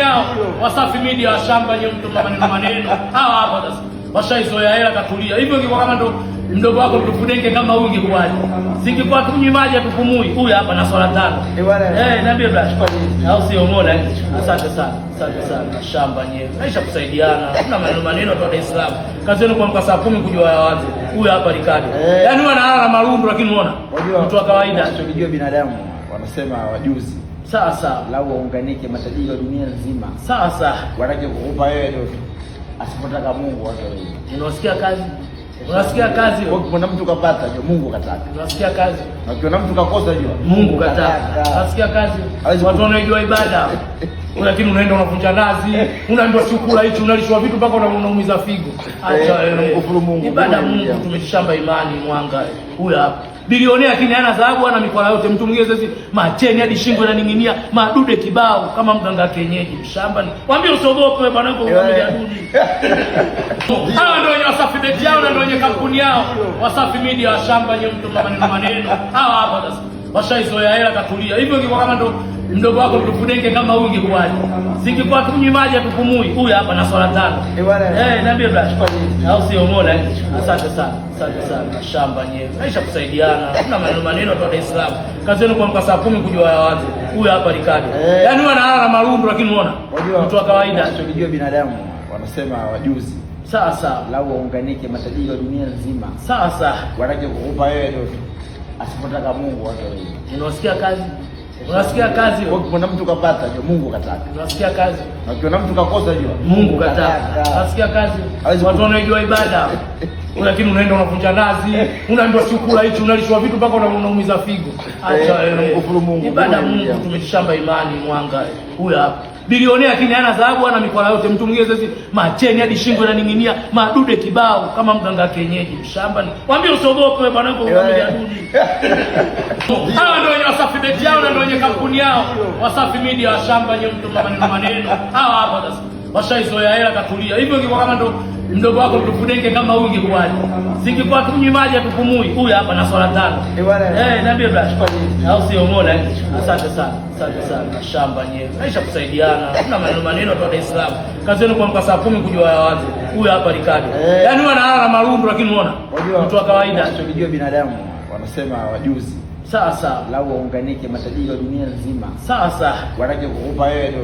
yao Wasafi Media washamba nyewe, mtu maneno maneno hawa hapa sasa, washaizoea hela katulia hivyo. Ingekuwa kama ndo mdogo wako mtufudenge kama huyu, ingekuwaje? Singekuwa tunywi maji atupumui huyu hapa na swala tano. Eh, niambie bwana, au sio? Umeona? Asante sana, asante sana, shamba nyewe, naisha kusaidiana, kuna maneno maneno tu. Waislamu kazi yenu kuamka saa kumi kujua wazi Huyu hapa Ricardo, eh. yaani huwa analala na marundo, lakini unaona mtu wa kawaida, tunajua binadamu wanasema wajuzi sasa lau waunganike matajiri wa dunia nzima, sasa wanake kukupa wewe ndio asipotaka Mungu wake wengi. Unasikia kazi, unasikia kazi. Kuna mtu kapata, jua Mungu kataka. Unasikia kazi, na kuna mtu kakosa, jua Mungu kataka. Unasikia kazi, watu wanaojua ibada Lakini unaenda unavunja nazi, unaambiwa chukula hichi, unalishwa vitu mpaka unaumiza figo. Acha eh, eh. mkufuru Mungu. Ibada Mungu tumeshamba imani mwanga. Eh. Huyu hapa. Bilionea lakini hana dhahabu ana mikola yote. Mtu mwingine sasa macheni hadi shingo inaning'inia, madude kibao kama mganga kienyeji. Mshamba ni. Waambie usogope wewe bwana wako unaambia aduni. Hawa ndio wenye Wasafi Bet yao na ndio wenye kampuni yao. Wasafi Media washamba nyewe mtu maneno maneno. Hawa hapa sasa washaizoea hela katulia hivyo. Ingekuwa kama ndo mdogo wako mtufudenge kama huyu, ingekuwaje? Singekuwa kunywi maji atupumui huyu hapa na swala tano. Eh, eh niambie bwana, au sio? Umeona? Asante sana, asante sana. Shamba nyewe naisha kusaidiana, kuna maneno maneno tu. Waislamu kazi yenu kuamka saa kumi kujua ya watu. Huyu hapa Ricardo, eh. yaani huyu analala na marundu, lakini unaona mtu wa kawaida. Tunajua binadamu wanasema wajuzi sasa, lau waunganike matajiri wa dunia nzima sasa, wanaje kukupa wewe ndio asipotaka Mungu watu wengi. Unasikia kazi? Unasikia kazi hiyo? Kuna mtu kapata hiyo Mungu kataka. Unasikia kazi? Na kuna mtu kakosa hiyo Mungu kataka. Unasikia kazi? Watu wanaojua ibada lakini unaenda unavunja nazi, unaambiwa chukula hichi, unalishwa vitu mpaka unaumiza figo. Acha eh, mkufuru Mungu, ibada Mungu, tumeshamba imani mwanga huyu hapa bilionea, lakini hana dhahabu, hana mikwala yote. Mtu mwingine sasa macheni hadi shingo inaning'inia, madude kibao kama mganga kienyeji. Mshamba mwambie usogope wewe bwana, adudi eh. hawa ndio wenye Wasafi beti yao na ndio wenye kampuni yao Wasafi Media, washamba nyewe, mtu maneno maneno hawa hapa sasa washaizoea hela katulia hivyo. Ingekuwa kama ndo mdogo wako mtufudeke kama huyu, ingekuwaje? Singekuwa kunywi maji atupumui huyu hapa na swala tano. Eh, niambie bwana, au sio? Umeona? Asante sana, asante sana. Shamba nyewe naisha kusaidiana, kuna maneno maneno tu. Waislamu kazi yenu kuamka saa kumi kujua ya wazi. Huyu hapa Ricardo, eh. yaani huwa analala na marundu, lakini unaona mtu wa kawaida. Unajua binadamu wanasema wajuzi sasa, lau waunganike matajiri wa dunia nzima sasa, wanataka kukupa wewe ndio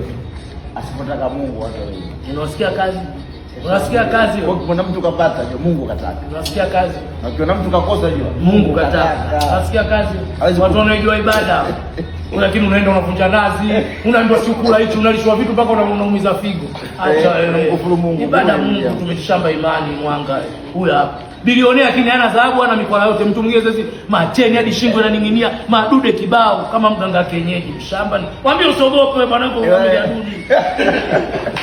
asipotaka Mungu watu wengi. Unasikia kazi? Unasikia kazi Kwa Kuna mtu kapata hiyo Mungu kataka. Unasikia kazi? Na kuna mtu kakosa hiyo Mungu kataka. Unasikia kazi? Watu wanaojua ibada lakini unaenda unavunja nazi, unaambiwa chukula hichi, unalishwa vitu mpaka unaumiza figo. Acha eh, eh. Mungu, ibada Mungu, tumeshamba imani mwanga eh. huyu hapa bilionea, lakini hana dhahabu, ana mikwala yote. Mtu mwingine sasa macheni hadi shingo inaning'inia, madude kibao kama mganga kienyeji. Mshamba ni waambie usogope bwana, uko kwa